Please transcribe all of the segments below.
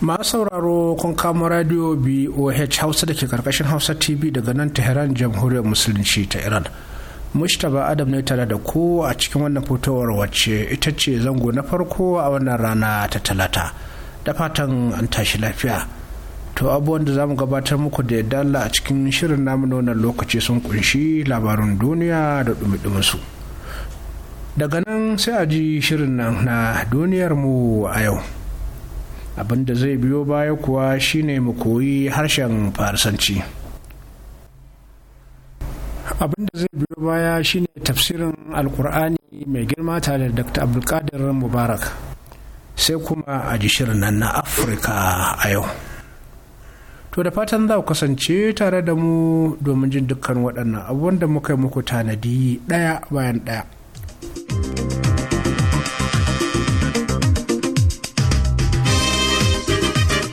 masu sauraro kun kamo radio boh hausa da ke karkashin hausa tv daga nan tehran jamhuriyar musulunci ta iran mushtaba adam ne tare da ku a cikin wannan fotowar wacce ita ce zango na farko a wannan rana ta talata da fatan an tashi lafiya to abubuwan da zamu gabatar muku da dala a cikin shirin namu na wannan lokaci sun kunshi labarin duniya da dumi su daga nan sai a ji shirin nan na duniyar mu a yau abin da zai biyo baya kuwa shine mu koyi harshen farsanci abin da zai biyo baya shine tafsirin alkur'ani mai girma tare da dr abdulkadir mubarak sai kuma a ji shirin nan na afirka a yau to da fatan za ku kasance tare da mu domin jin dukkan waɗannan abubuwan da muka yi muku tanadi ɗaya bayan ɗaya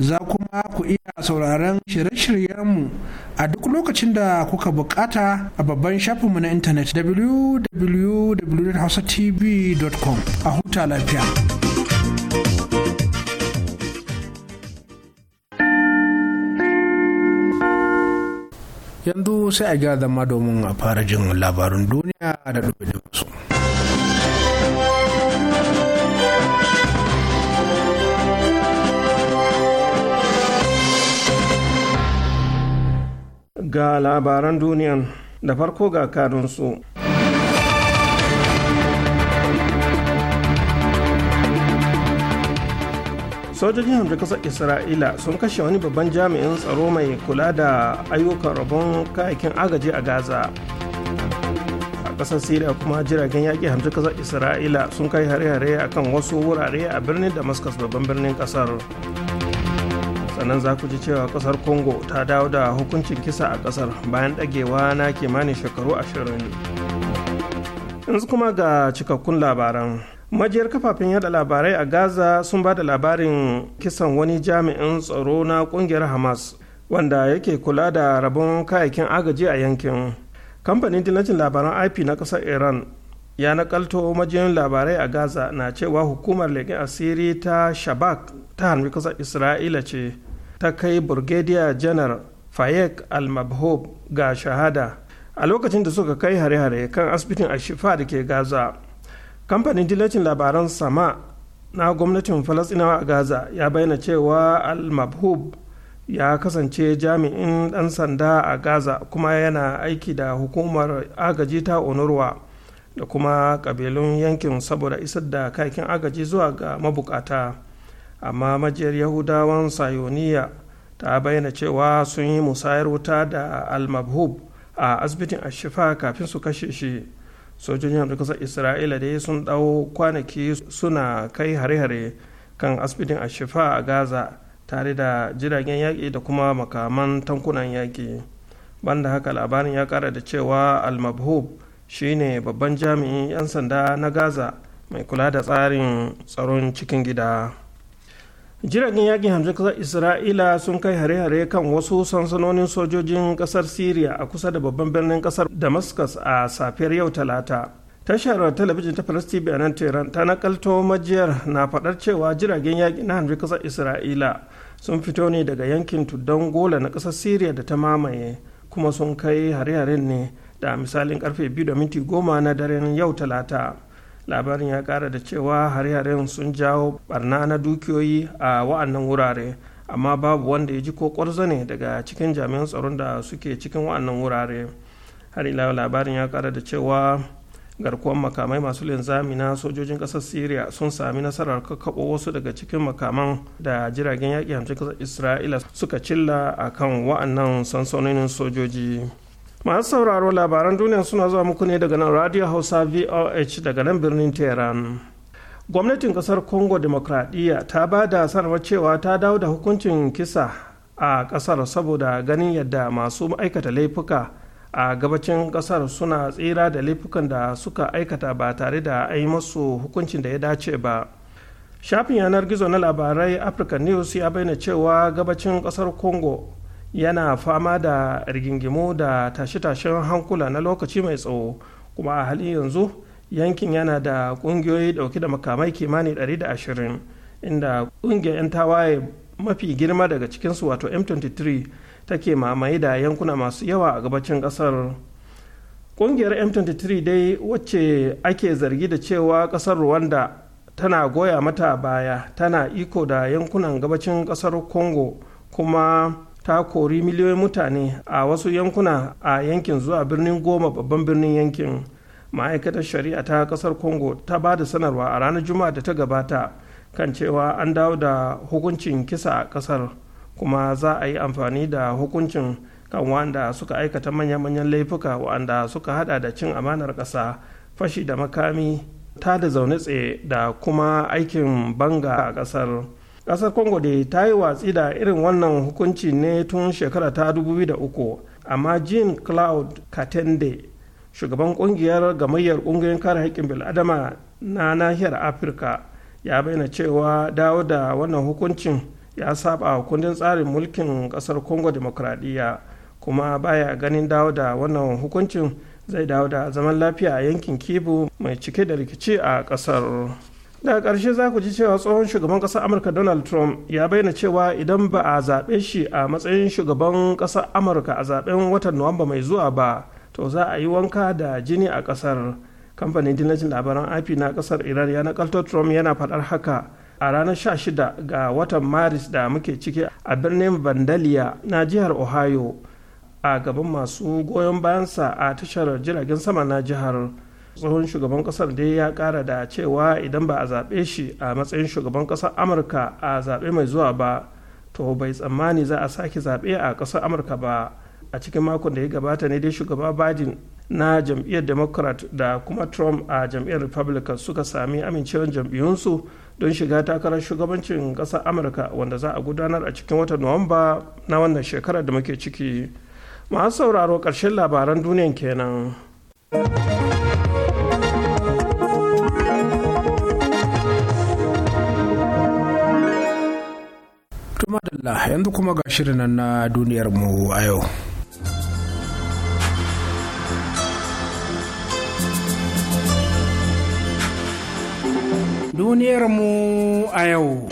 za kuma ku iya sauraron shirye-shiryenmu a duk lokacin da kuka bukata a babban shafinmu na intanet www.hausatv.com a huta lafiya. Yanzu sai a ga zama domin a fara jin labarin duniya da ɗubi da su. ga labaran duniyan da farko ga kanunsu. sojojin hamdu kasar isra'ila sun kashe wani babban jami'in tsaro mai kula da ayyukan rabon kayakin agaji a gaza a kasar syria kuma jiragen yaƙi hamdu kasar isra'ila sun kai hare-hare akan wasu wurare a birnin damascus babban birnin kasar sannan za ku ji cewa kasar congo ta dawo da hukuncin kisa a kasar bayan dagewa na kimanin shekaru ashirin yanzu kuma ga cikakkun labaran majiyar kafafen yada labarai a gaza sun ba da labarin kisan wani jami'in tsaro na kungiyar hamas wanda yake kula da rabon kayakin agaji a yankin kamfanin dillacin labaran ip na kasar iran ya nakalto majiyar labarai a gaza na cewa hukumar leƙen asiri ta shabak ta harbi kasar isra'ila ce ta kai burgediya janar Fayek al mabhub ga shahada a lokacin da suka kai hare-hare kan asibitin Ashifa da ke Gaza. Kamfanin dilacin labaran sama na gwamnatin Falasinawa a Gaza ya bayyana cewa al mabhub ya kasance jami'in ɗan sanda a Gaza kuma yana aiki da hukumar agaji ta Onurwa da kuma kabilun yankin saboda isar da kakin agaji zuwa ga mabukata. amma majiyar yahudawan sayoniya ta bayyana cewa sun yi musayar wuta da almabhub a asibitin ashifa kafin su kashe shi sojojin da kusa isra'ila dai sun dau kwanaki suna kai hare-hare kan asibitin ashifa a gaza tare da jiragen yaƙi da kuma makaman tankunan yaƙi banda haka labarin ya kara da cewa almabhub shine babban jami'in 'yan sanda na gaza mai kula da tsarin tsaron cikin gida. jiragen yakin hamsin kasar isra'ila sun kai hare-hare kan wasu sansanonin sojojin kasar syria a kusa da babban birnin kasar damascus a safiyar yau talata tashar talabijin ta falasti bayanan tehran ta nakalto majiyar na fadar cewa jiragen yaƙi na hamsin kasar isra'ila sun fito ne daga yankin tuddan gola na kasar syria da ta mamaye kuma sun kai hare-haren ne da misalin karfe 2:10 na daren yau talata labarin ya kara da cewa hare-haren sun jawo barna na dukiyoyi a wa'annan wurare amma babu wanda ya ji ko kwarzo ne daga cikin jami'an tsaron da suke cikin wa'annan wurare har ila labarin ya kara da cewa garkuwar makamai masu linzami na sojojin kasar syria sun sami nasarar kakkaɓo wasu daga cikin makaman da jiragen yaƙi hamsin kasar isra'ila suka cilla a kan wa'annan sansanonin sojoji masu sauraro labaran duniya suna zuwa muku ne daga nan radio hausa voh daga nan birnin tehran gwamnatin kasar congo demokradiyya ta ba da sanarwar cewa ta dawo da hukuncin kisa a kasar saboda ganin yadda masu ma'aikata laifuka a gabacin kasar suna tsira da laifukan da suka aikata ba tare da a yi masu hukuncin da ya dace ba shafin yanar gizo na labarai african news ya bayyana cewa gabacin kasar congo yana fama da rigingimu da tashe-tashen hankula na lokaci mai tsawo kuma a halin yanzu yankin yana da ƙungiyoyi ɗauke da makamai kimanin 120 inda kungiyar 'yan tawaye mafi girma daga cikinsu wato m23 take mamaye da yankuna masu yawa a gabacin kasar. ƙungiyar m23 dai wacce ake zargi da cewa kasar rwanda tana goya mata baya tana iko da yankunan gabacin kasar congo kuma ta kori miliyoyin mutane a wasu yankuna a yankin zuwa birnin goma babban birnin yankin ma'aikatar shari'a ta kasar congo ta ba da sanarwa a ranar juma'a da ta gabata kan cewa an dawo da hukuncin kisa a kasar kuma za a yi amfani da hukuncin kan wanda suka aikata manya-manyan laifuka wanda suka hada da cin amanar ƙasa fashi da makami ta da zaune tsaye da kuma aikin banga a ƙasar. kasar congo da ta yi watsi da irin wannan hukunci ne tun shekara ta 2003 amma jean claude katende shugaban kungiyar gamayyar kungiyar kare haƙƙin bil'adama na nahiyar afirka ya bayyana cewa dawo da wannan hukuncin ya saba kundin tsarin mulkin kasar congo demokradiyya kuma baya ganin dawo da wannan hukuncin zai dawo da zaman lafiya a yankin kibu mai cike da rikici a kasar. daga ƙarshe za ku ji cewa tsohon shugaban ƙasar amurka donald trump ya bayyana cewa idan ba a zaɓe shi a matsayin shugaban ƙasar amurka a zaɓen watan nuwamba mai zuwa ba to za a yi wanka da jini a ƙasar kamfanin dillacin labaran ip na ƙasar iran ya nakaltar trump yana faɗar haka a ranar 16 ga watan maris da muke ciki a birnin vandalia na jihar ohio a gaban masu goyon bayansa a tashar jiragen sama na jihar. tsohon shugaban kasar dai ya kara da cewa idan ba a zaɓe shi a matsayin shugaban kasar amurka a zaɓe mai zuwa ba to bai tsammani za a sake zaɓe a kasar amurka ba a cikin makon da ya gabata ne dai shugaba biden na jam'iyyar democrat da kuma trump a jam'iyyar republican suka sami amincewar jam'iyyunsu don shiga takarar shugabancin ƙasar amurka wanda za a gudanar a cikin watan nuwamba na wannan shekarar da muke ciki masu sauraro ƙarshen labaran duniyan kenan. Allah yanzu kuma ga shirin na duniyar mu a yau. Duniyar mu a yau.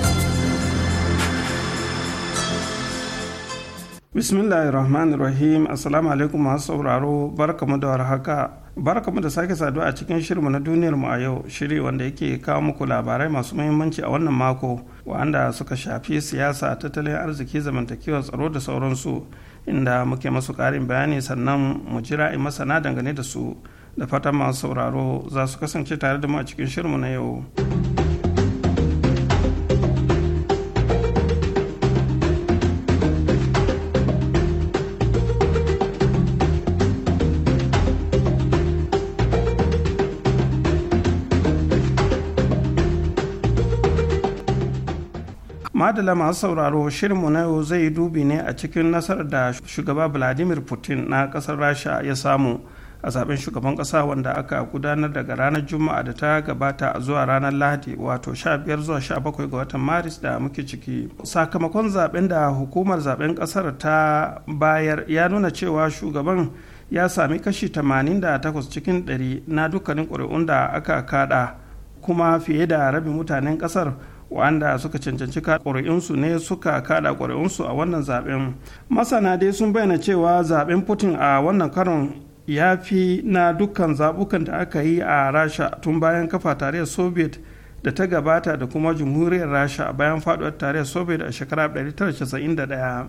Bismillahirrahmanirrahim Assalamu alaikum masu sauraro barkamu da warhaka. haka. barkamu da sake saduwa a cikin shirinmu na duniyar mu a yau shiri wanda yake kawo muku labarai masu muhimmanci a wannan mako wanda suka shafi siyasa tattalin arziki zamantakewa tsaro da sauransu inda muke masu karin bayani sannan mu jira in masana dangane da su da fatan masu sauraro za su kasance tare da mu a cikin shirinmu na yau. madala masu sauraro shirinmu na yau zai dubi ne a cikin nasarar da shugaba vladimir putin na kasar rasha ya samu a zaben shugaban kasa wanda aka gudanar daga ranar juma'a da ta gabata a zuwa ranar lahadi wato 15 zuwa 17 ga watan maris da muke ciki sakamakon zaben da hukumar zaben kasar ta bayar ya nuna cewa shugaban ya sami kashi 88 cikin 100 na dukkanin kuri'un da aka kada kuma fiye da rabin mutanen kasar wanda suka cancanci ƙuri'unsu ne suka kada ƙuri'unsu a wannan zaben masana dai sun bayyana cewa zaben putin a wannan karon ya fi na dukkan zabukan da aka yi a rasha tun bayan kafa tarayyar soviet da ta gabata da kuma jamhuriyar rasha bayan faduwar tarayyar soviet a shekarar 1991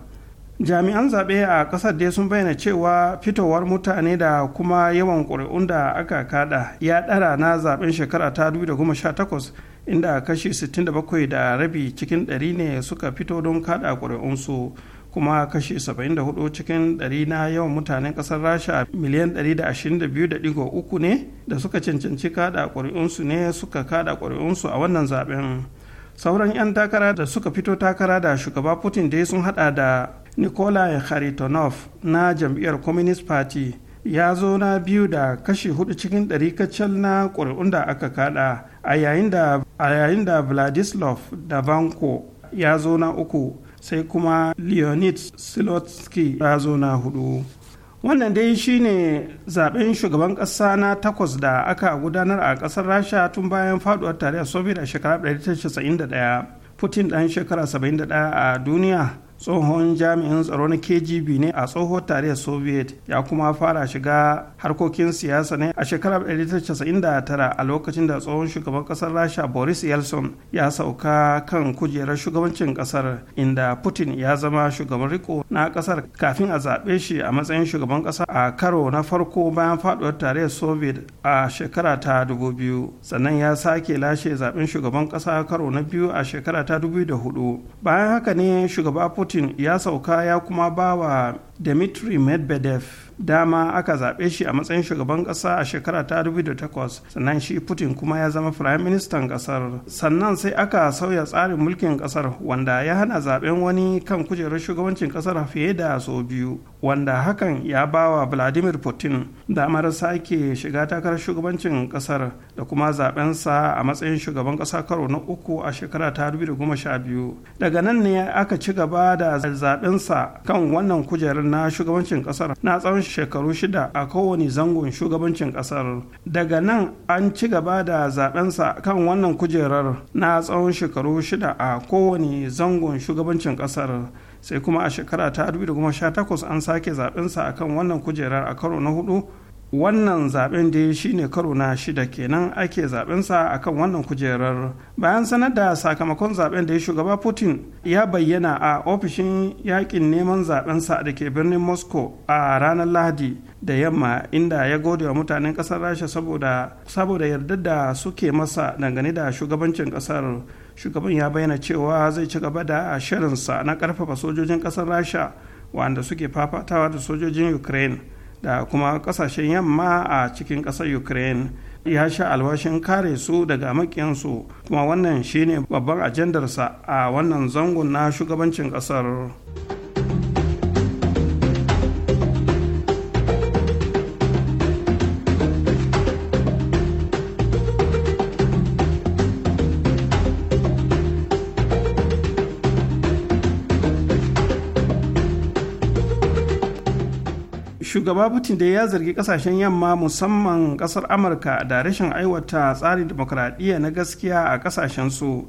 jami'an zaɓe a ƙasar dai sun bayyana cewa fitowar mutane da kuma yawan ƙuri'un da aka kada ya ɗara na zaɓen shekara ta 2018 inda kashi 67 da rabi cikin ɗari ne suka fito don kada ƙuri'unsu kuma kashi 74 cikin ɗari na yawan mutanen ƙasar rasha miliyan 122.3 ne da suka cancanci kada ƙuri'unsu ne suka kada ƙuri'unsu a wannan zaben sauran 'yan takara da suka fito takara da shugaba putin dai sun hada da nikolai kharitonov na jam'iyyar communist party ya zo na biyu da kashi hudu cikin ɗari kacal na ƙuri'un da aka kada a yayin da a yayin da vladislav davanko ya zo na uku sai kuma leonid silotsky ya zo na hudu wannan dai shine zaben shugaban ƙasa na takwas da aka gudanar a ƙasar rasha tun bayan faduwar tarayyar soviet a shekarar 1991 putin ɗan shekara 71 a duniya tsohon jami'in tsaro na kgb ne a tsohon tarayyar soviet ya kuma fara shiga harkokin siyasa ne a shekarar 1999 a lokacin da tsohon shugaban kasar rasha boris yeltsin ya sauka kan kujerar shugabancin kasar inda putin ya zama shugaban riko na kasar kafin a zaɓe shi a matsayin shugaban kasa a karo na farko bayan faduwar tarayyar soviet a shekara ta 2000 sannan ya sake lashe zaɓen shugaban kasa karo na biyu a shekara ta 2004 bayan haka ne shugaba putin putin ya sauka ya kuma ba wa dmitry medvedev dama aka zaɓe shi a matsayin shugaban ƙasa a shekara ta 2008 sannan shi putin kuma ya zama firayim ministan ƙasar sannan sai aka sauya tsarin mulkin ƙasar wanda ya hana zaɓen wani kan kujerar shugabancin ƙasar fiye da sau biyu wanda hakan ya bawa vladimir putin damar sake shiga takarar shugabancin kasar da kuma zabensa a matsayin shugaban kasa karo na uku a shekara ta 2012 daga nan ne aka ci gaba da zabensa kan wannan kujerar na shugabancin kasar na tsawon shekaru shida a kowane zangon shugabancin kasar daga nan an ci gaba da zabensa kan wannan kujerar na tsawon shekaru shida a kowane zangon shugabancin kasar sai kuma a shekara ta 2018 an sake zaɓensa akan wannan kujerar a karo na hudu wannan zaben da shine karo na shida kenan ake zabensa akan wannan kujerar bayan sanar da sakamakon zaben da ya shugaba putin ya bayyana a ofishin yakin neman zabensa da ke birnin moscow a ranar lahadi da yamma inda ya gode wa mutanen kasar rasha saboda yarda da suke masa dangane da shugabancin kasar shugaban ya bayyana cewa zai ci gaba da shirinsa na karfafa sojojin kasar rasha wanda suke fafatawa da sojojin ukraine da kuma kasashen yamma a cikin kasar ukraine ya sha alwashin kare su daga makiyansu kuma wannan shine babban ajandarsa a wannan zangon na shugabancin kasar. shugaba putin da ya zargi kasashen yamma musamman kasar amurka da rashin aiwata tsarin demokradiyya na gaskiya a kasashen su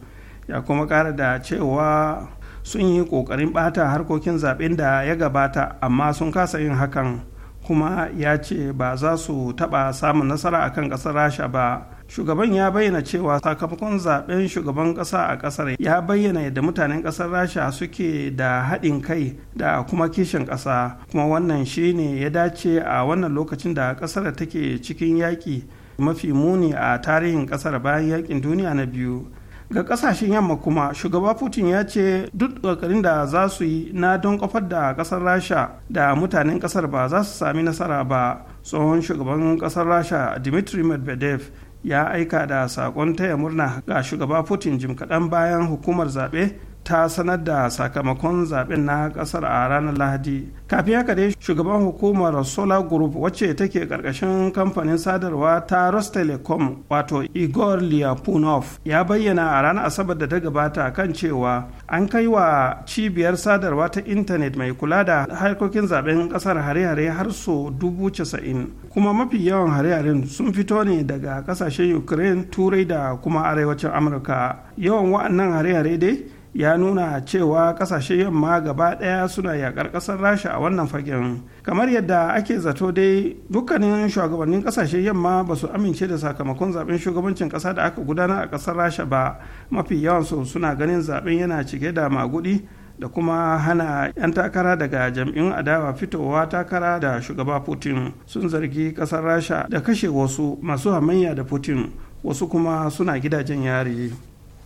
ya kuma kara da cewa sun yi kokarin bata harkokin zaben da ya gabata amma sun kasa yin hakan kuma ya ce ba za su taɓa samun nasara akan kasar rasha ba shugaban ya bayyana cewa sakamakon zaben shugaban kasa a ƙasar ya bayyana yadda mutanen kasar rasha suke da haɗin kai da kuma kishin kasa kuma wannan shi ne ya dace a wannan lokacin da ƙasar take cikin yaƙi mafi muni a tarihin ƙasar bayan yaƙin duniya na biyu ga kasashen yamma kuma shugaba putin ya ce duk ƙoƙarin da za su yi na don kofar da kasar rasha da mutanen kasar ba za su sami nasara ba tsohon shugaban kasar rasha dmitry medvedev ya aika da saƙon taya murna ga shugaba putin jim kaɗan bayan hukumar zaɓe ta sanar da sakamakon zaben na kasar a ranar lahadi kafin haka dai shugaban hukumar solar group wacce take karkashin kamfanin sadarwa ta telecom wato igor liapunov ya bayyana a ranar asabar da ta gabata kan cewa an kai wa cibiyar sadarwa ta intanet mai kula da harkokin zaben kasar hare-hare har so dubu casa'in kuma mafi yawan hare-haren sun fito ne daga kasashen ukraine turai da kuma arewacin amurka yawan wa'annan hare-hare dai ya nuna cewa ƙasashen yamma gaba ɗaya suna yakar ƙasar rasha a wannan fagen kamar yadda ake zato dai dukkanin shugabannin kasashe yamma ba su amince da sakamakon zaben shugabancin ƙasa da aka gudana a ƙasar rasha ba mafi yawansu suna ganin zaben yana cike da magudi da kuma hana 'yan takara daga jam'in adawa fitowa takara da shugaba putin sun zargi ƙasar rasha da kashe wasu masu hamayya da putin wasu kuma suna gidajen yari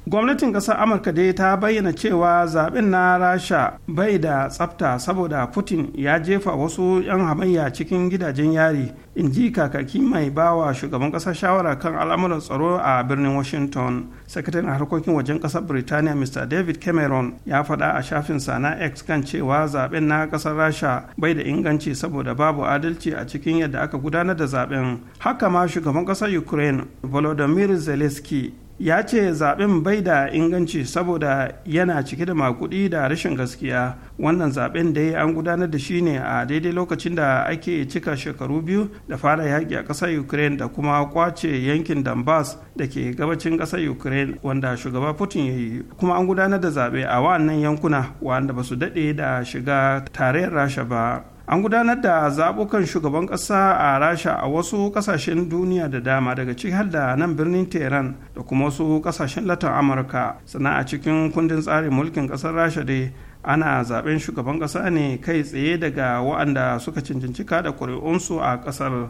gwamnatin kasar amurka dai ta bayyana cewa zaben na rasha bai da tsabta saboda putin ya jefa wasu 'yan hamayya cikin gidajen yari in ji kakaki mai bawa shugaban ƙasar shawara kan al'amuran tsaro a birnin washington sakataren harkokin wajen kasar birtaniya mr david cameron ya faɗa a shafin na x kan cewa zaben na kasar rasha bai da inganci saboda babu adalci a cikin yadda aka gudanar da zaben haka ma shugaban kasar ukraine volodymyr zelensky ya ce zaben bai da inganci saboda yana cike da makudi da rashin gaskiya wannan zaben da ya an gudanar da shi ne a daidai lokacin da ake cika shekaru biyu da fara yaƙi a ƙasar ukraine da kuma kwace yankin donbass da ke gabacin ƙasar ukraine wanda shugaba putin ya yi kuma an gudanar da zaɓe a wannan yankuna wanda ba su daɗe da shiga tarayyar rasha ba an gudanar da zaɓukan shugaban ƙasa a rasha a wasu ƙasashen duniya da dama daga ciki har da nan birnin tehran da kuma wasu ƙasashen latin amurka sannan a cikin kundin tsarin mulkin ƙasar rasha dai ana zaɓen shugaban ƙasa ne kai tsaye daga wa'anda suka cancanci da ƙuri'unsu a ƙasar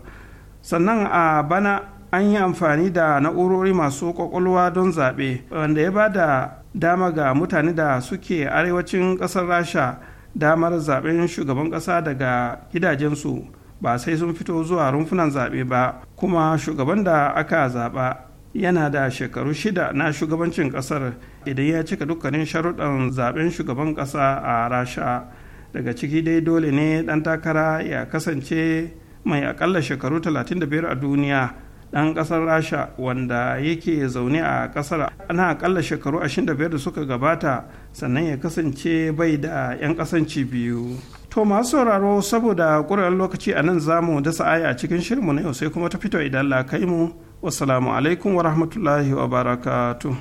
sannan a bana an yi amfani da na'urori masu ƙwaƙwalwa don zaɓe wanda ya ba da dama ga mutane da suke arewacin ƙasar rasha damar zaben shugaban ƙasa daga gidajensu ba sai sun fito zuwa rumfunan zaɓe ba kuma shugaban da aka zaɓa yana da shekaru shida na shugabancin ƙasar idan ya cika dukkanin sharuɗan zaben shugaban ƙasa a rasha daga ciki dai dole ne ɗan takara ya kasance mai aƙalla shekaru 35 a duniya ɗan ƙasar rasha wanda yake zaune a ƙasar ana aƙalla shekaru 25 da suka gabata sannan ya kasance bai da 'yan kasance biyu to masu sauraro saboda ƙuran lokaci a nan zamu dasa aya a cikin shirinmu na yau sai kuma ta fito idan la kai mu wassalamu alaikum wa rahmatullahi wa barakatuh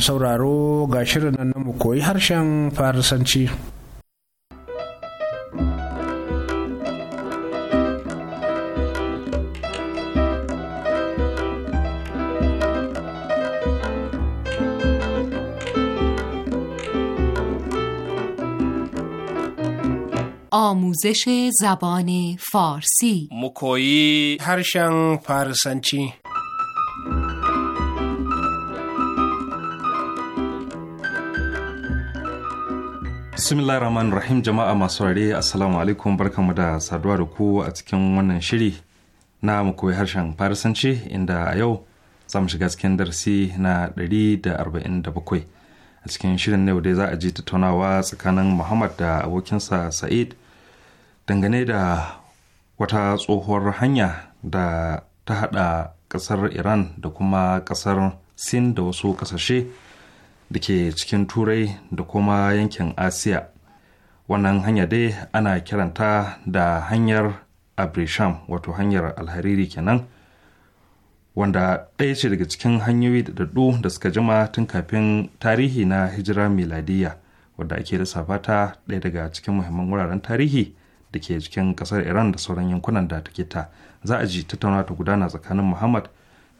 sauraro ga shirin nan na mu koyi harshen farisanci. آموزش زبان فارسی مکویی هرشن فارسنچی bismillah rahman rahim jama'a masu ware assalamu alaikum barkanmu da saduwa da ku a cikin wannan shiri na mu harshen farisanci inda a yau za mu shiga cikin darasi na 147 a cikin shirin na yau dai za a ji tattaunawa tsakanin muhammad da abokinsa sa'id dangane da wata tsohuwar hanya da ta hada kasar iran da kuma kasar sin da wasu kasashe da ke cikin turai da kuma yankin asiya wannan hanya dai ana kiranta da hanyar abrisham wato hanyar alhariri kenan wanda ɗaya ce daga cikin hanyoyi da daɗu da suka jima tun kafin tarihi na hijira miladiya wadda ake da ta ɗaya daga cikin muhimman wuraren tarihi da ke cikin ƙasar iran da sauran yankunan da take ta za a ji tattauna ta gudana tsakanin muhammad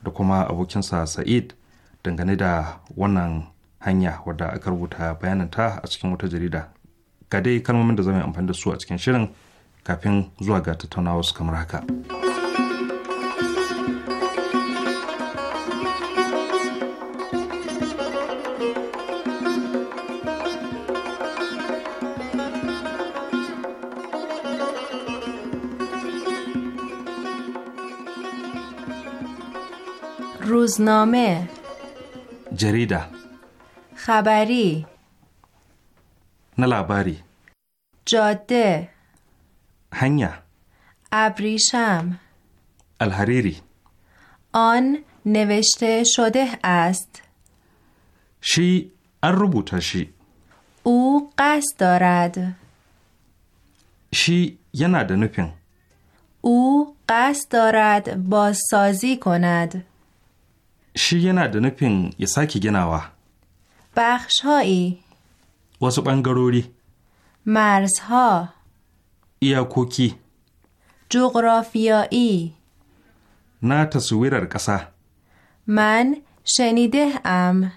da kuma abokinsa sa'id dangane da wannan hanya wadda aka rubuta bayananta a cikin wata jarida ga dai kalmomin da zama amfani da su a cikin shirin kafin zuwa ga tattaunawa su kamar haka. روزنامه جریده خبری نه لاباری جاده هنیا ابریشم الحریری آن نوشته شده است شی الربوتشی او قصد دارد شی یه نده او قصد دارد بازسازی کند شی یه نده نپین یه ساکی گناوه بخش هایی واسو بنگروری مرز ها یا کوکی جغرافیایی نه تصویر کسه من شنیده ام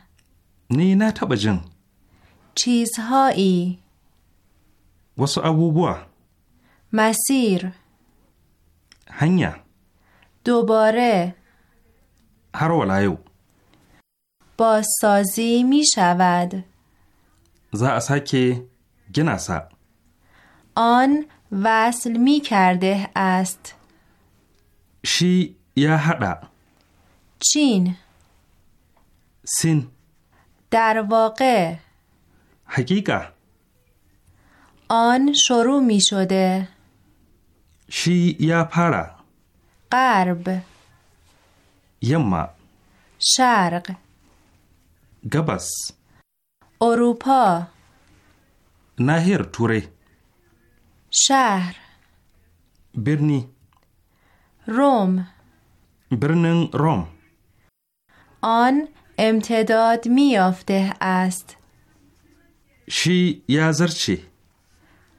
نی نه تبجن چیزهایی واسو ابوبوا مسیر هنیا دوباره هر بازسازی می شود زعسکی گنسا آن وصل می کرده است شی یا هدا چین سین در واقع حقیقه آن شروع می شده شی یا پارا غرب یما شرق گبس اروپا نهر توره شهر برنی روم برنن روم آن امتداد میافته است شی چی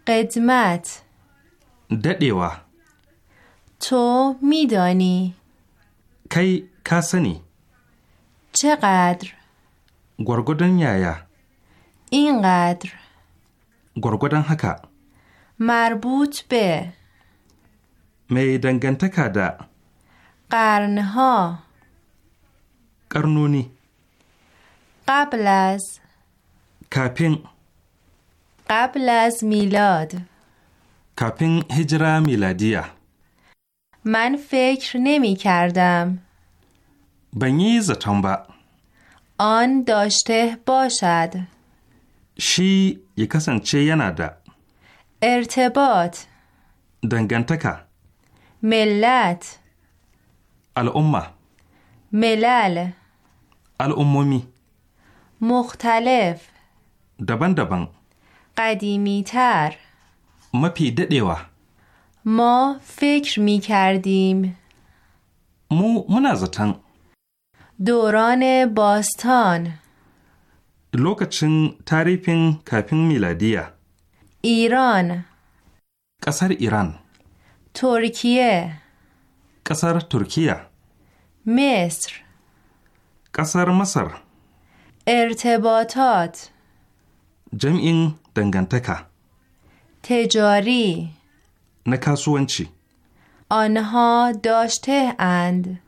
قدمت ددیوه تو میدانی کی کسنی چقدر گرگودن یایا اینقدر گرگودن حکا مربوط به می دنگنتکا دا قرنها قرنونی قبل از کپین قبل از میلاد کپین هجرا میلادیه من فکر نمی کردم بنی زتان آن داشته باشد شی کسان چه نده؟ ارتباط دنگنتکا ملت الامه ملل الامومی مختلف دبن دبن قدیمی تر پیده دیوا. ما فکر می کردیم مو منازتن دوران باستان لوکچن تاریفین کافین میلادیه ایران قصر ایران ترکیه قصر ترکیه مصر قصر مصر ارتباطات جمعین دنگنتکه تجاری نکاسوانچی آنها داشته اند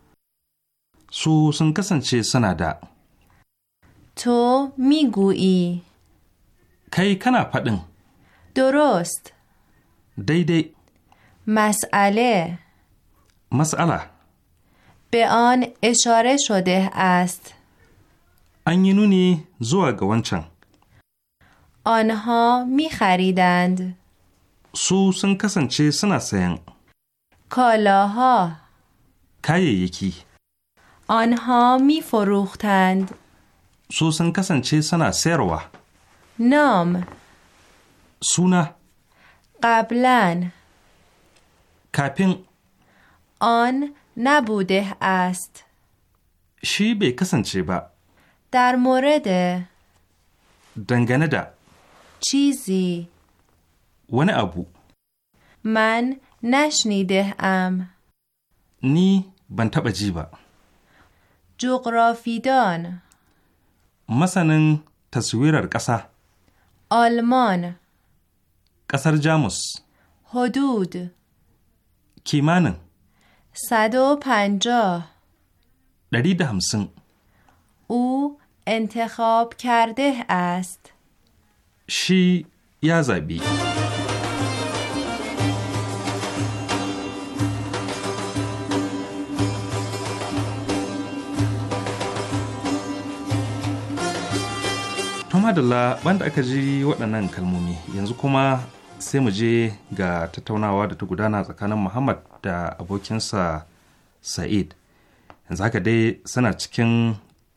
سو sun kasance suna تو to migui kai kana درست دیدی مسئله مسئله به آن اشاره شده است انینونی زوگ ونچن آنها میخریدند. خریدند سو سن کسن چه سنا سین کالاها کایه یکی آنها می فروختند سوسن کسن چه سنا سیروا نام سونا قبلا کپین آن نبوده است شی به کسن چه با در مورد دنگنه دا چیزی ونه ابو من نشنیده ام نی ban taɓa ji ba. جغرافیدان مثلا تصویر قصه آلمان قصر جاموس حدود کیمان صد و پنجاه دارید همسن او انتخاب کرده است شی یا زبی madalla banda aka ji waɗannan kalmomi yanzu kuma sai mu je ga tattaunawa da ta gudana tsakanin muhammad da abokinsa sa'id yanzu haka dai suna cikin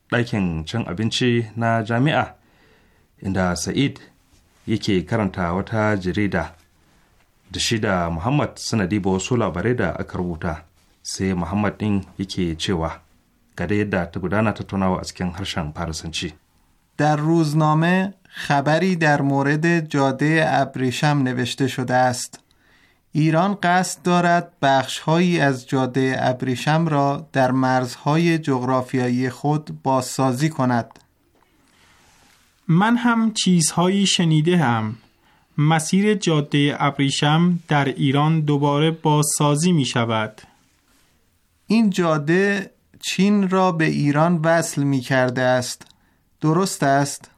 ɗakin cin abinci na jami'a inda sa'id yake karanta wata jarida da shi da muhammad suna diba wasu labarai da aka rubuta sai muhammad ɗin yake cewa ga yadda ta gudana tattaunawa a cikin harshen farisanci در روزنامه خبری در مورد جاده ابریشم نوشته شده است ایران قصد دارد بخشهایی از جاده ابریشم را در مرزهای جغرافیایی خود بازسازی کند من هم چیزهایی شنیده هم مسیر جاده ابریشم در ایران دوباره بازسازی می شود این جاده چین را به ایران وصل می کرده است درست است؟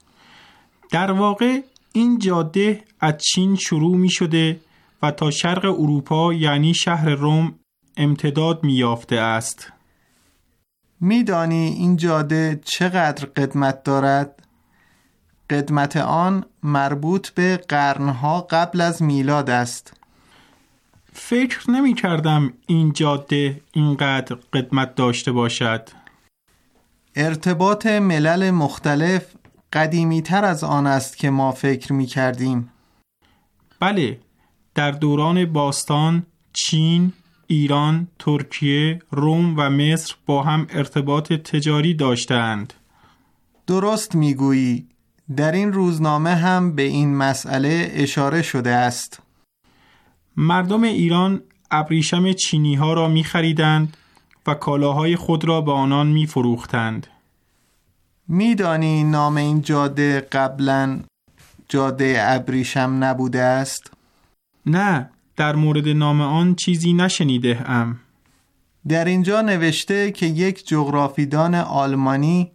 در واقع این جاده از چین شروع می شده و تا شرق اروپا یعنی شهر روم امتداد می یافته است. میدانی این جاده چقدر قدمت دارد؟ قدمت آن مربوط به قرنها قبل از میلاد است. فکر نمی کردم این جاده اینقدر قدمت داشته باشد. ارتباط ملل مختلف قدیمی تر از آن است که ما فکر می کردیم. بله، در دوران باستان، چین، ایران، ترکیه، روم و مصر با هم ارتباط تجاری داشتند. درست می گویی، در این روزنامه هم به این مسئله اشاره شده است. مردم ایران ابریشم چینی ها را می خریدند و کالاهای خود را به آنان می فروختند. میدانی نام این جاده قبلا جاده ابریشم نبوده است؟ نه در مورد نام آن چیزی نشنیده ام در اینجا نوشته که یک جغرافیدان آلمانی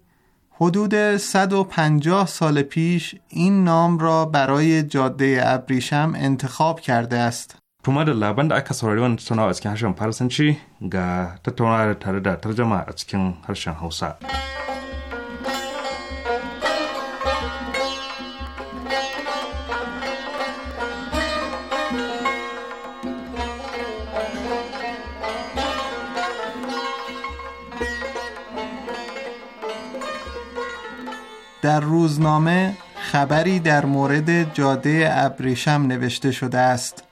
حدود 150 سال پیش این نام را برای جاده ابریشم انتخاب کرده است tuma da laban da aka saurari wani tattaunawa a cikin harshen farasanci ga tattaunawa tare da tarjama a cikin harshen Hausa. در روزنامه خبری در مورد جاده ابریشم نوشته شده است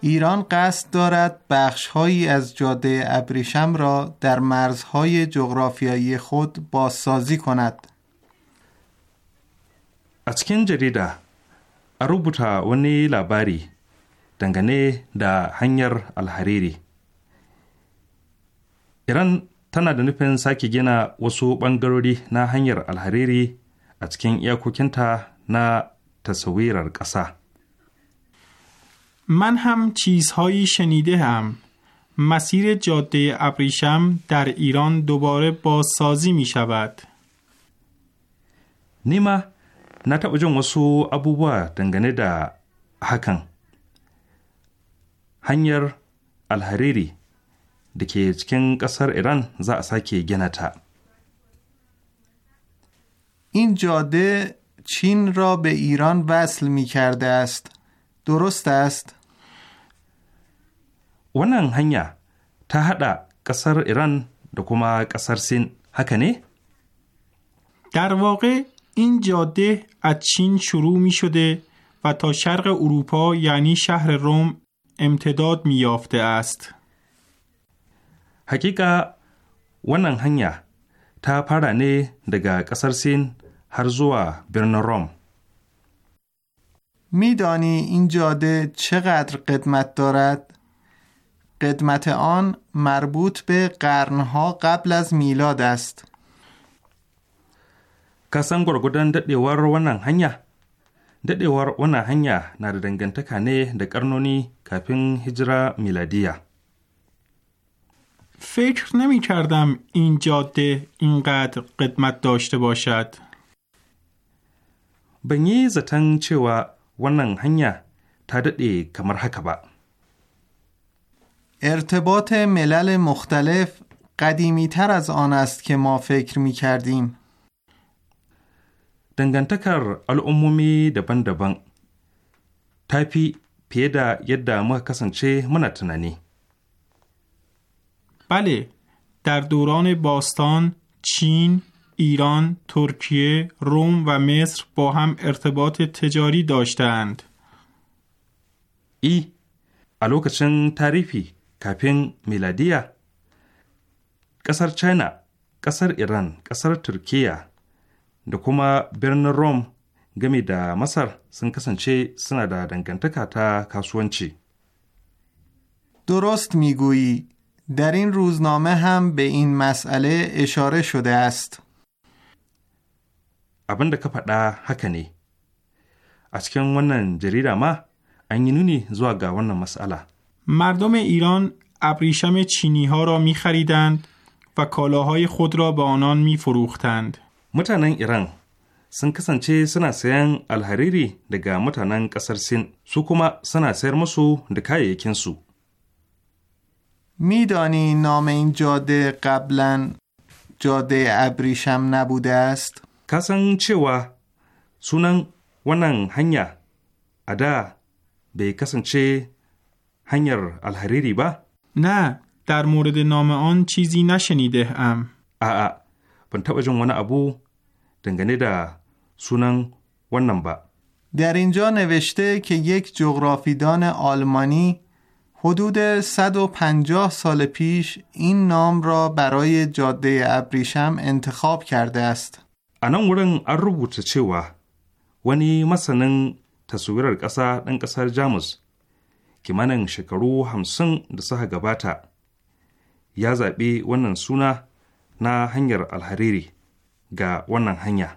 ایران قصد دارد بخشهایی از جاده ابریشم را در مرزهای جغرافیایی خود بازسازی کند. از کن جریده و ونی باری، دنگنه دا هنگر الحریری ایران تنا دا نفن ساکی گینا وسو بانگروری نا هنگر الحریری از کن یا کوکنتا نا تصویر القصه. من هم چیزهایی شنیده هم. مسیر جاده ابریشم در ایران دوباره بازسازی می شود. نیما نتا taɓa واسو wasu abubuwa دا da hakan hanyar دکه چکن قصر ایران ƙasar iran ساکی این جاده چین را به ایران وصل می کرده است. درست است؟ wannan hanya تا haɗa ƙasar ایران da kuma ƙasar sin haka در واقع این جاده از چین شروع می شده و تا شرق اروپا یعنی شهر روم امتداد می یافته است. حقیقه wannan hanya تا fara ne daga ƙasar sin har zuwa birnin rom میدانی این جاده چقدر قدمت دارد؟ قدمت آن مربوط به قرنها قبل از میلاد است kasan gwargwadon daɗewar wannan hanya daɗewar wannan hanya na da dangantaka ne da ƙarnoni kafin hijira miladiya فکر نمی in این جاده اینقدر قدمت داشته باشد ban yi zaton cewa wannan hanya ta daɗe kamar haka ba ارتباط ملل مختلف قدیمی تر از آن است که ما فکر می کردیم. دنگنتکر العمومی دبن دبن تایپی پیدا یده کسنچه منتنانی بله در دوران باستان چین، ایران، ترکیه، روم و مصر با هم ارتباط تجاری داشتند. ای، a تریفی. Kafin miladiya ƙasar china ƙasar iran ƙasar Turkiyya, da kuma birnin rome game da masar sun kasance suna da dangantaka ta kasuwanci Durost migoyi, در این روزنامه هم به این مسئله اشاره شده است abin da ka faɗa haka ne a cikin wannan jarida ma an yi nuni zuwa ga wannan mas'ala مردم ایران ابریشم چینی ها را می خریدند و کالاهای خود را به آنان می فروختند. متنان ایران sun kasance suna sayan alhariri daga mutanen ƙasar Sin, su kuma suna sayar musu da میدانی نام این جاده قبلا جاده ابریشم نبوده است؟ کسان چوا سونن ونن هنیا ادا به کسانچه هنگر الحریری با؟ نه در مورد نام آن چیزی نشنیده ام آآ بن تبا ابو دنگنه دا سونن wannan با در اینجا نوشته که یک جغرافیدان آلمانی حدود 150 سال پیش این نام را برای جاده ابریشم انتخاب کرده است. anan wurin ان چه و ونی masanin تصویرر ƙasa دان kimanin shekaru hamsin da suka gabata ya zaɓi wannan suna na hanyar alhariri ga wannan hanya.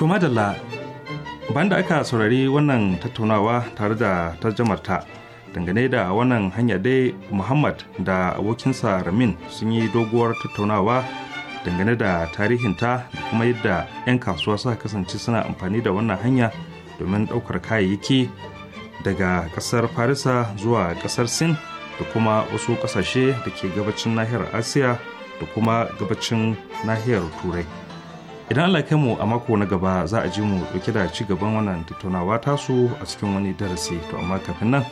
To madalla banda aka saurari wannan tattaunawa tare da tarjamarta dangane da wannan hanya dai Muhammad da abokinsa Ramin sun yi doguwar tattaunawa dangane da tarihinta da kuma yadda 'yan kasuwa suka kasance suna amfani da wannan hanya domin ɗaukar kayayyaki daga ƙasar farisa zuwa ƙasar sin da kuma wasu ƙasashe da ke gabacin nahiyar asiya da kuma gabacin nahiyar turai idan allah kai mu a mako na gaba za a ji mu dauke da ci gaban wannan tattaunawa tasu a cikin wani darasi to amma kafin nan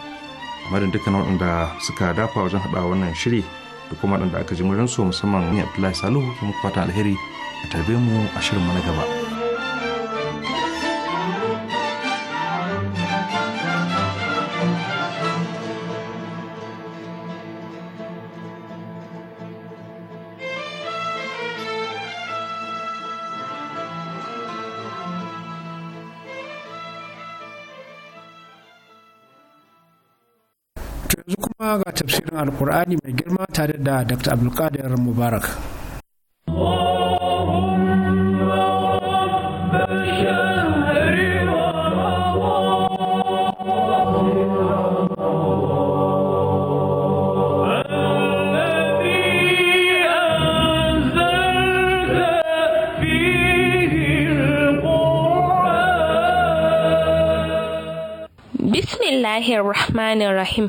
madadin dukkan waɗanda suka dafa wajen haɗa wannan shiri da kuma waɗanda aka ji murinsu musamman ne abdullahi salihu ke muku fatan alheri a tarbe mu a shirin mu na gaba. To yanzu kuma ga tafsirin Alkur'ani mai girma tare da Dr. Abdulkadir Mubarak. Bismillahirrahmanirrahim.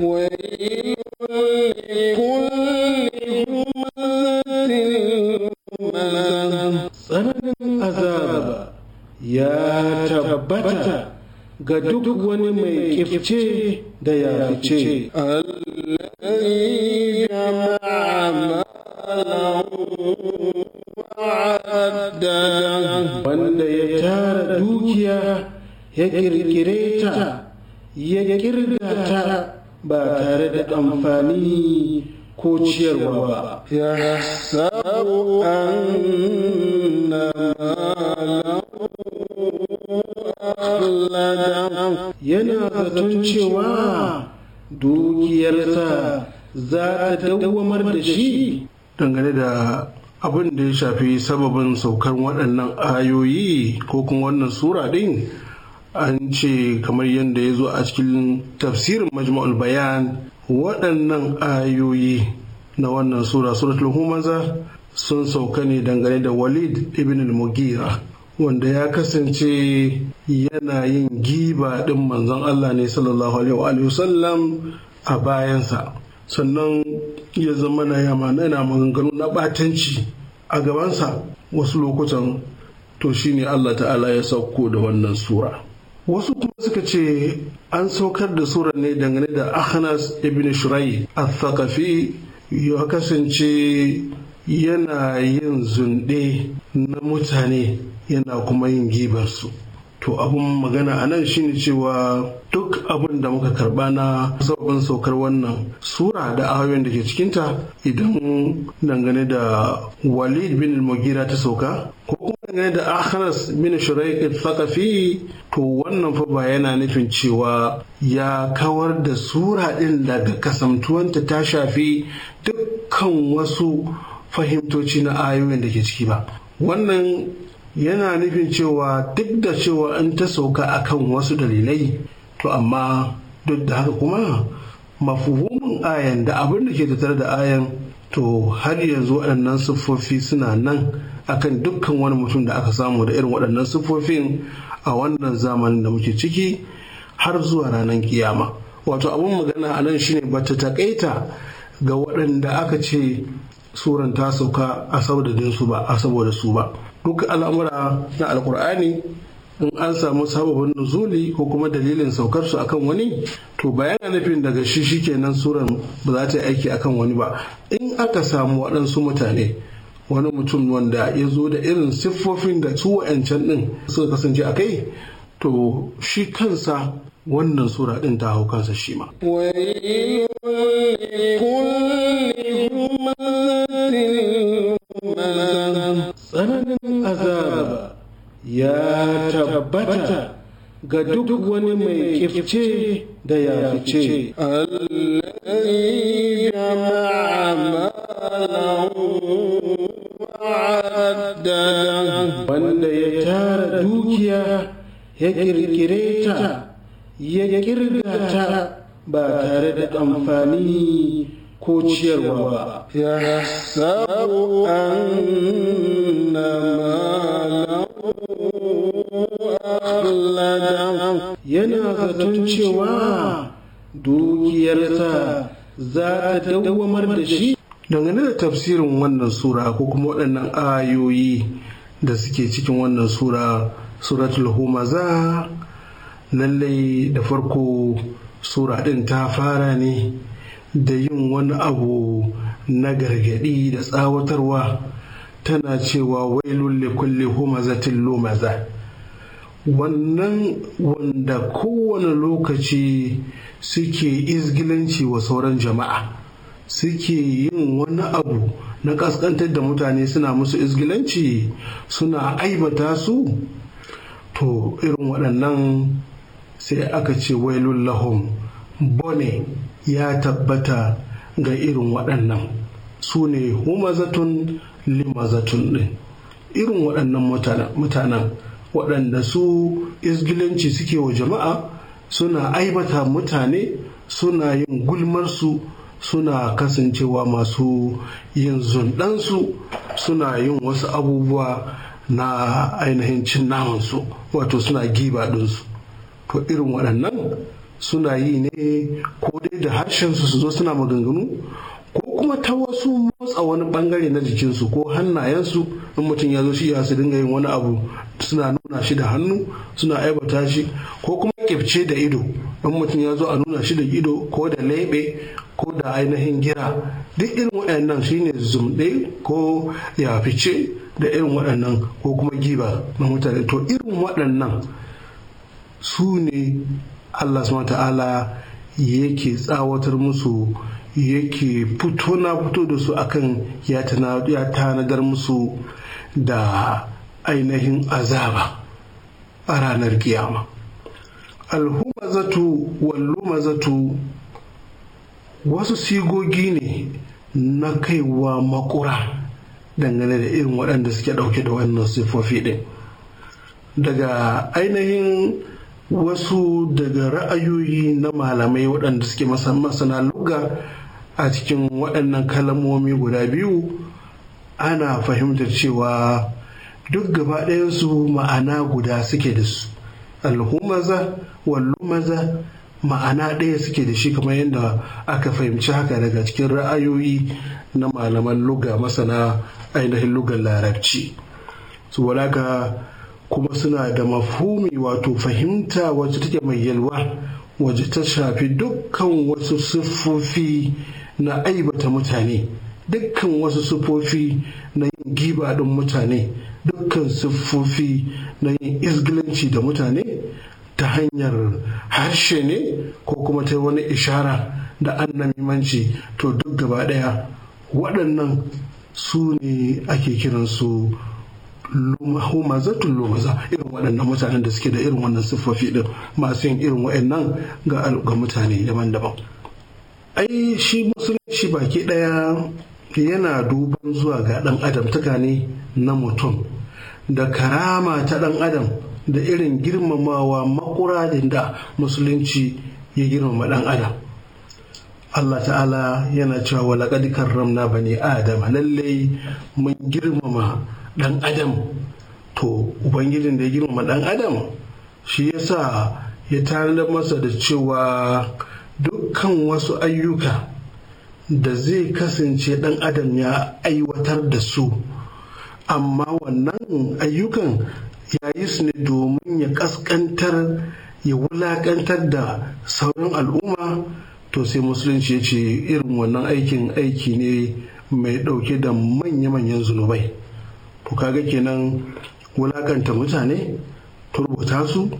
ويل لكل tsananin azaba ya tabbata ga duk wani mai kifce da ya fice. wanda ya tara dukiya ya kirkire ya kirga ba tare da amfani ko ciyarwa ba ya sabu yana zaton cewa dukiyarsa za ta dawamar da shi dangane da abin da ya shafi sababin saukar waɗannan ayoyi ko kuma wannan sura ɗin an ce kamar yadda ya zo a cikin tafsirin majma'ul bayan waɗannan ayoyi na wannan sura suratul humaza sun sauka ne dangane da walid ibn al-mugira wanda ya kasance yana yin giba ɗin manzon Allah ne sallallahu alaihi Sallam a bayansa sannan ya zama na yama na maganganu na ɓatanci a gabansa wasu lokutan to shine Allah ta'ala ya sauko da wannan sura. wasu kuma suka ce an saukar da surar ne dangane da ahnas ibn shurai a thakafi ya kasance yana yin zunde na mutane yana kuma yin gibarsu to abin magana a nan shine cewa duk abin da muka karba na sababin saukar wannan sura da ayoyin da ke cikinta idan dangane da walid bin mugira ta sauka ko kuma. ne da Ahras bin Shuraik al-Thaqafi to wannan fa ba yana nufin cewa ya kawar da sura din daga kasamtuwanta ta shafi dukkan wasu fahimtoci na ayoyin da ke ciki ba wannan yana nufin cewa duk da cewa in ta sauka akan wasu dalilai to amma duk da haka kuma mafuhumin ayan da abin da ke tattare da ayan to har yanzu waɗannan siffofi suna nan akan dukkan wani mutum da aka samu da irin waɗannan siffofin a wannan zamanin da muke ciki har zuwa ranar kiyama wato abun magana a nan shine ba ta takaita ga waɗanda aka ce suran ta sauka a saboda su ba a saboda su ba duk al'amura na alkur'ani in an samu sababin nuzuli ko kuma dalilin saukar su akan wani to bayan nufin daga shi shikenan suran ba za ta yi aiki akan wani ba in aka samu waɗansu mutane wani mutum wanda ya zo da irin siffofin da su wa'ancan din suka kasance a kai to shi kansa wannan sura ɗin ta hau kansa shi ma tsananin azaba ya tabbata ga duk wani mai kifce da ya fice Allah wanda ya tara dukiya ya kirkire ta ya kirga ta ba tare da amfani ko ciyarwa ba ya sabu yana zaton cewa dukiyarsa za ta dawamar da shi dangane da tafsirin wannan sura ko kuma waɗannan ayoyi da suke cikin wannan sura suratul humaza lallai da farko sura ɗin ta fara ne da yin wani abu na gargaɗi da tsawatarwa tana cewa wailul li kulli humazatin lumaza wannan wanda kowane lokaci suke izgilanci wa sauran jama'a suke yin wani abu na kaskantar da mutane suna musu izgilanci suna aibata su to irin waɗannan sai aka ce wai lahum bone ya tabbata ga irin waɗannan su ne humazatun limazatun ɗin irin waɗannan mutanen waɗanda su izgilanci suke wa jama'a suna aibata mutane suna yin gulmarsu su suna kasancewa masu yin zundansu suna yin wasu abubuwa na ainihin cin namansu wato suna giba ɗinsu to irin waɗannan suna yi ne ko dai da harshensu su zo suna maganganu ko kuma ta wasu motsa wani bangare na jikinsu ko hannayensu in mutum ya zo shi ya su dinga yin wani abu suna nuna shi da hannu suna aibata shi ko kuma kyafce da ido in mutum ya zo a nuna shi da ido ko da leɓe ko da ainihin gira duk irin waɗannan shine zumɗe ko ya fice da irin waɗannan ko kuma giba na mutane to irin waɗannan su ne allah su ta'ala yake tsawatar musu yake fito na fito da su akan ya tanadar musu da ainihin azaba a ranar kiyama alhumazatu wallumazatu wasu sigogi ne na kaiwa makura dangane da irin waɗanda suke ɗauke da wannan siffofi ɗin daga ainihin wasu daga ra'ayoyi na malamai waɗanda suke masana lugga a cikin waɗannan kalamomi guda biyu ana fahimtar cewa duk gaba ɗayansu ma'ana guda suke da su alhumaza maza. ma'ana ɗaya suke da shi kamar yadda aka fahimci haka daga cikin ra'ayoyi na malaman luga masana ainihin lugar larabci su walaka kuma suna da mafhumi wato fahimta wacce take mai yalwa wacce ta shafi dukkan wasu siffofi na aibata mutane dukkan wasu siffofi na yin giba ɗin mutane dukkan siffofi na yin izgilanci da mutane ta hanyar harshe ne ko kuma ta wani ishara da annamimanci to duk gaba daya waɗannan su ne ake kiransu humazatun lumaza irin waɗannan mutanen da suke da irin wannan siffofi ɗin masu yin irin waɗannan ga mutane daban-daban ai shi musulunci baki ɗaya yana duban zuwa ga ɗan adam tuka na mutum da karama ta ɗan adam da irin girmamawa makura da musulunci ya girmama ɗan adam Allah ta'ala yana cewa karram na bani adam lallai mun girmama ɗan adam to ubangijin da ya girmama ɗan adam shi yasa ya tarar masa da cewa dukkan wasu ayyuka da zai kasance ɗan adam ya aiwatar da su amma wannan ayyukan ya yi su ne domin ya kaskantar ya wulakantar da sauran al'umma to sai musulunci ya ce irin wannan aikin aiki ne mai ɗauke da manya-manyan zunubai to kaga kenan wulakanta mutane turbuta su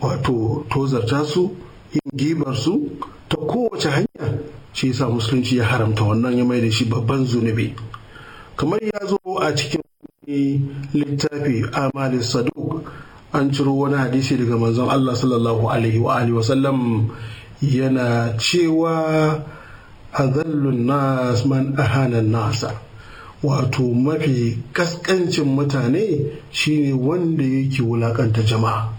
wato tozarta su yin gibar su ta kowace hanya shi yasa musulunci ya haramta wannan ya mai da shi babban zunubi kamar ya zo a cikin littafi amalin saduk an ciro wani hadisi daga manzon Allah sallallahu alaihi wa alihi wasallam yana cewa azallun nas man ahana nasa wato mafi kaskancin mutane shine wanda yake wulakanta jama'a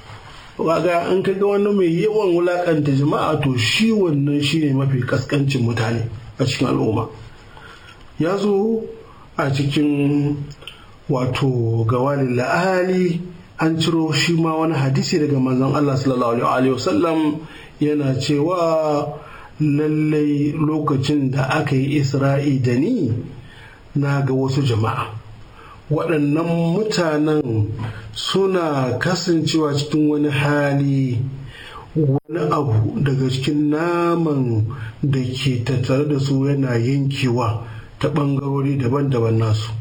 waga an kaga wani mai yawan wulakanta jama'a to shi wannan shine mafi kaskancin mutane a cikin al'umma ya zo a cikin wato gawalin la'ali an ciro shi ma wani hadisi daga manzon Allah sallallahu alaihi wasallam yana cewa lallai lokacin da aka yi isra'i da ni na ga wasu jama'a waɗannan mutanen suna kasancewa cikin wani hali wani abu daga cikin naman da ke tattare da su yana yankewa ta ɓangarori daban-daban nasu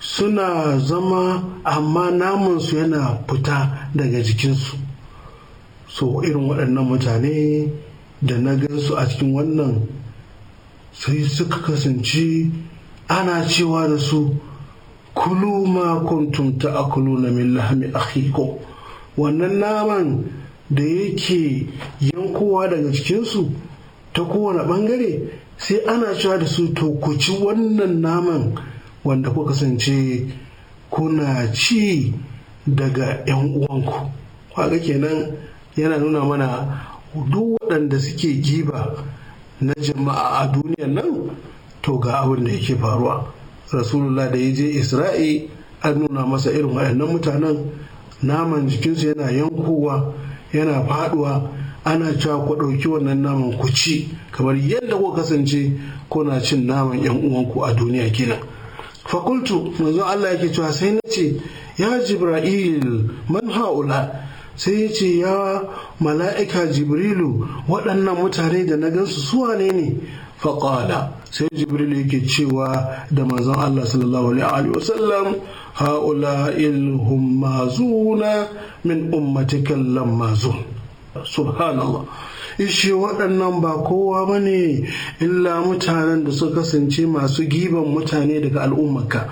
suna zama amma namansu yana fita daga jikinsu so irin waɗannan mutane da na gansu a cikin wannan sai suka kasance ana cewa da su kulu ma kuntum na min lahmi akhikum wannan naman da yake yankowa daga cikinsu ta kowane ɓangare sai ana cewa da su to ku ci wannan naman wanda ku kasance kuna ci daga 'yan uwanku kwaga kenan yana nuna mana duk waɗanda suke giba na jama'a a duniyan nan to ga abin da yake faruwa rasulullah da ya je isra'i an nuna masa irin waɗannan mutanen naman jikinsu yana yankowa yana faduwa ana cewa ku ɗauki wannan naman ku ci kamar yadda ku kasance kuna cin naman 'yan uwanku a duniya kenan fakultu manzo Allah yake cewa sai na ce ya jibra'il man ha'ula sai ya ce ya mala'ika jibrilu waɗannan mutane da na gansu suwa ne ne faƙala sai jibrilu yake cewa da manzon Allah sallallahu alaihi sallam ha'ula ilhum mazuna min ummatikal lamazun subhanallah ishe waɗannan ba kowa ba ne illa mutanen da suka kasance masu giban mutane daga al'ummarka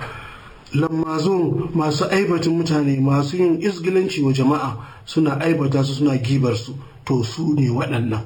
lammazu masu aibatin mutane masu yin izgilanci wa jama'a suna aibata su suna gibar su to su ne waɗannan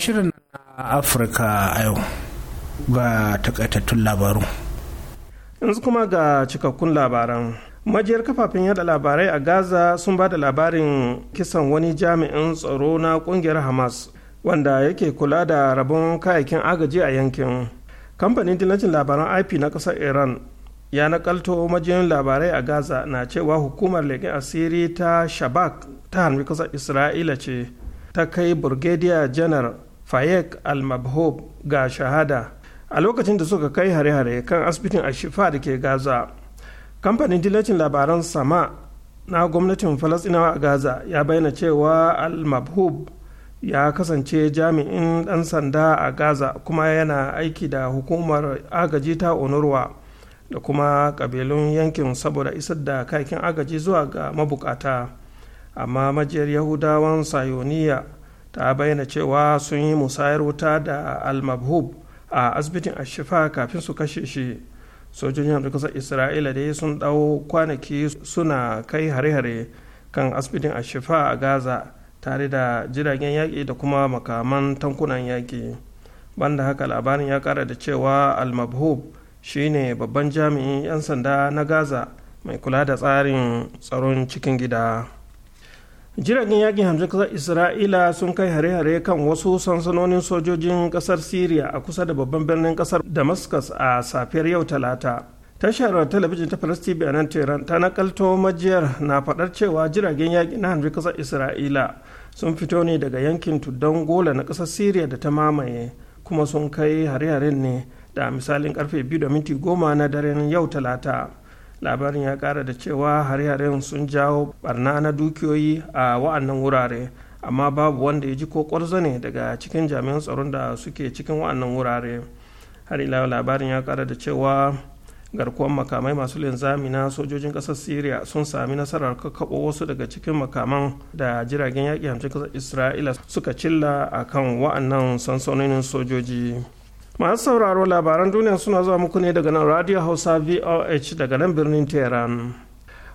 shirin afirka a yau ga takaitattun labaru yanzu kuma ga cikakkun labaran majiyar kafafen yada labarai a gaza sun ba da labarin kisan wani jami'in tsaro na kungiyar hamas wanda yake kula da rabon kayakin agaji a yankin kamfanin dillacin labaran ip na kasar iran ya nakalto majiyoyin labarai a gaza na cewa hukumar leƙen asiri ta shabak ta hannu kasar isra'ila ce ta kai burgediya janar fayek al-mabhob ga shahada a lokacin da suka kai hare-hare kan asibitin ashifa da ke gaza kamfanin dilacin labaran sama na gwamnatin falasinawa a gaza ya bayyana cewa al-mabhub ya kasance jami'in ɗan sanda a gaza kuma yana aiki da hukumar agaji ta onurwa da kuma kabilun yankin saboda isar da kayakin agaji zuwa ga mabukata amma majiyar yahudawan sayoniya ta bayyana cewa sun yi musayar wuta da almabhub a asibitin ashifa kafin su kashe shi sojojin amurkasar isra'ila dai sun ɗau kwanaki suna kai hare-hare kan asibitin ashifa a gaza tare da jiragen yaƙi da kuma makaman tankunan yaƙi banda haka labarin ya kara da cewa almabhub shine babban jami'in 'yan sanda na gaza mai kula da tsarin tsaron cikin gida. jiragen yakin hamsin kasar isra'ila sun kai hare-hare kan wasu sansanonin sojojin kasar syria a kusa da babban birnin kasar damascus a safiyar yau talata tashar talabijin ta faras tv a nan tehran ta nakalto majiyar na faɗar cewa jiragen yaƙi na hamsin kasar isra'ila sun fito ne daga yankin tuddan gola na kasar syria da ta mamaye kuma sun kai hare-haren ne da misalin karfe 2:10 na daren yau talata labarin ya kara da cewa har-haren sun jawo barna na dukiyoyi a wa'annan wurare amma babu wanda ya ji ko zane ne daga cikin jami'an tsaron da suke cikin wa'annan wurare har ila labarin ya kara da cewa garkuwar makamai masu linzami na sojojin kasar syria sun sami nasarar kakkaɓo wasu daga cikin makaman da jiragen yaƙi hamsin kasar isra'ila suka cilla a kan wa'annan sansanonin sojoji masu sauraro labaran duniya suna zuwa muku ne daga nan radio hausa voh daga nan birnin tehran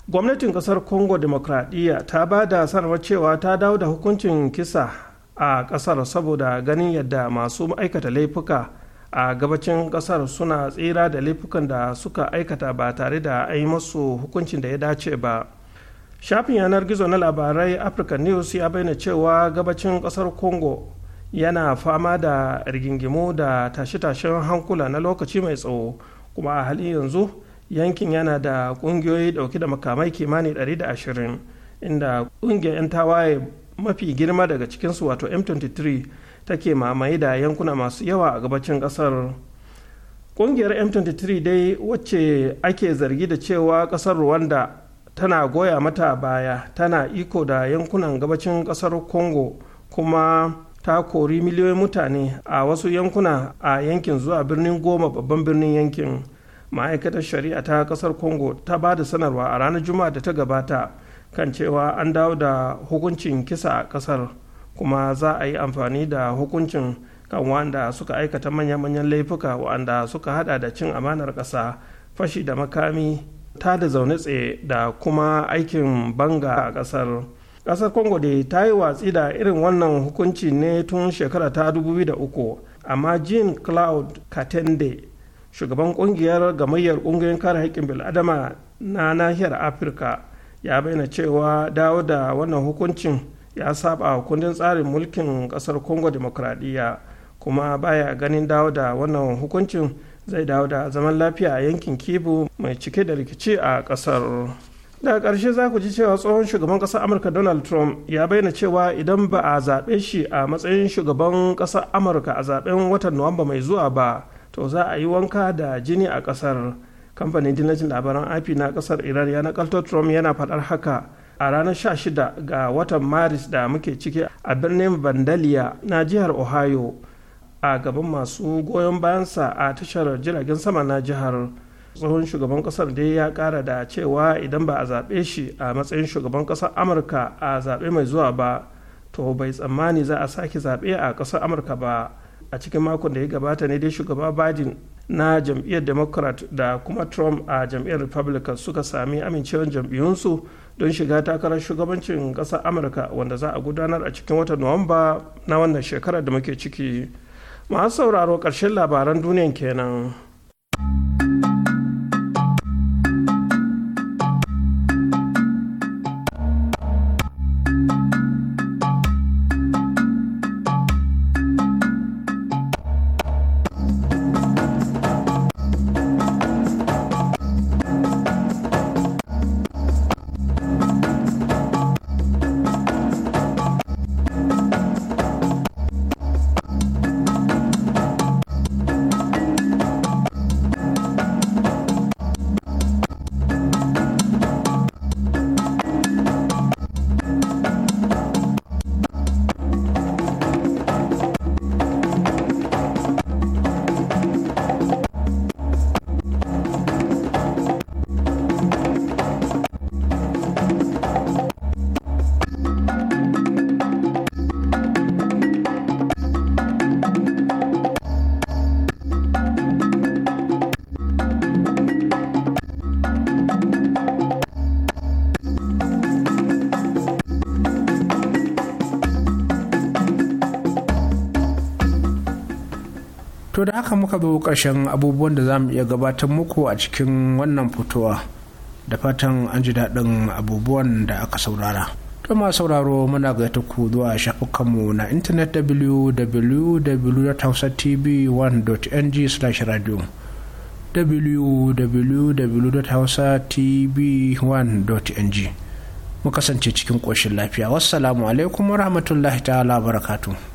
gwamnatin kasar congo demokradiyya ta ba da sanarwar cewa ta dawo da hukuncin kisa a kasar saboda ganin yadda masu aikata laifuka a gabacin kasar suna tsira da laifukan da suka aikata ba tare da a yi masu hukuncin da ya dace ba shafin yanar gizo na labarai africa news ya bayyana cewa gabacin kasar congo yana fama da rigingimu da tashe-tashen hankula na lokaci mai tsawo kuma a halin yanzu yankin yana da ƙungiyoyi ɗauke da makamai kimanin ashirin inda ƙungiyar 'yan tawaye mafi girma daga cikinsu wato m23 take mamaye da yankuna masu yawa a gabacin kasar ƙungiyar m23 dai wacce ake zargi da cewa kasar rwanda tana goya mata baya tana iko da yankunan gabacin kasar congo kuma ta kori miliyoyin mutane a wasu yankuna a yankin zuwa birnin goma babban birnin yankin ma'aikatar shari'a ta kasar congo ta ba da sanarwa a ranar juma'a da ta gabata kan cewa an dawo da hukuncin kisa a kasar kuma za a yi amfani da hukuncin kan wanda suka aikata manya-manyan laifuka wanda suka hada da cin amanar ƙasa fashi da makami ta da zaune tsaye da kuma aikin banga a kasar. kasar congo da ta yi watsi da irin wannan hukunci ne tun shekara ta 2003 amma jean claude katende shugaban kungiyar gamayyar kungiyar kare haƙƙin bil'adama na nahiyar afirka ya bayyana cewa dawo da wannan hukuncin ya saba kundin tsarin mulkin kasar congo demokradiyya kuma baya ganin dawo da wannan hukuncin zai dawo da zaman lafiya a yankin kibu mai cike da rikici a kasar. daga karshe za ku ji cewa tsohon shugaban ƙasar amurka donald trump ya bayyana cewa idan ba a zaɓe shi a matsayin shugaban ƙasar amurka a zaɓen watan nuwamba mai zuwa ba to za a yi wanka da jini a ƙasar kamfanin dillacin labaran ip na ƙasar iran ya nakalto trump yana faɗar haka a ranar 16 ga watan maris da muke ciki a birnin vandalia na jihar ohio a gaban masu goyon bayansa a tashar jiragen sama na jihar tsohon shugaban kasar dai ya kara da cewa idan ba a zaɓe shi a matsayin shugaban kasar amurka a zaɓe mai zuwa ba to bai tsammani za a sake zaɓe a kasar amurka ba a cikin makon da ya gabata ne dai shugaba biden na jam'iyyar democrat da kuma trump a jam'iyyar republican suka sami amincewar jam'iyyunsu don shiga takarar shugabancin kasar amurka wanda za a gudanar a cikin watan nuwamba na wannan shekarar da muke ciki masu sauraro ƙarshen labaran duniyan kenan. haka muka zo ƙarshen abubuwan da za mu iya gabatar muku a cikin wannan fitowa da fatan an ji daɗin abubuwan da aka saurara. To ma sauraro muna gaita ku zuwa shafukanmu na intanet www.hausatv1.ng/radio www.hausatv1.ng mu kasance cikin ƙoshin lafiya wassalamu alaikum Rahmatullahi ta'ala barakatuh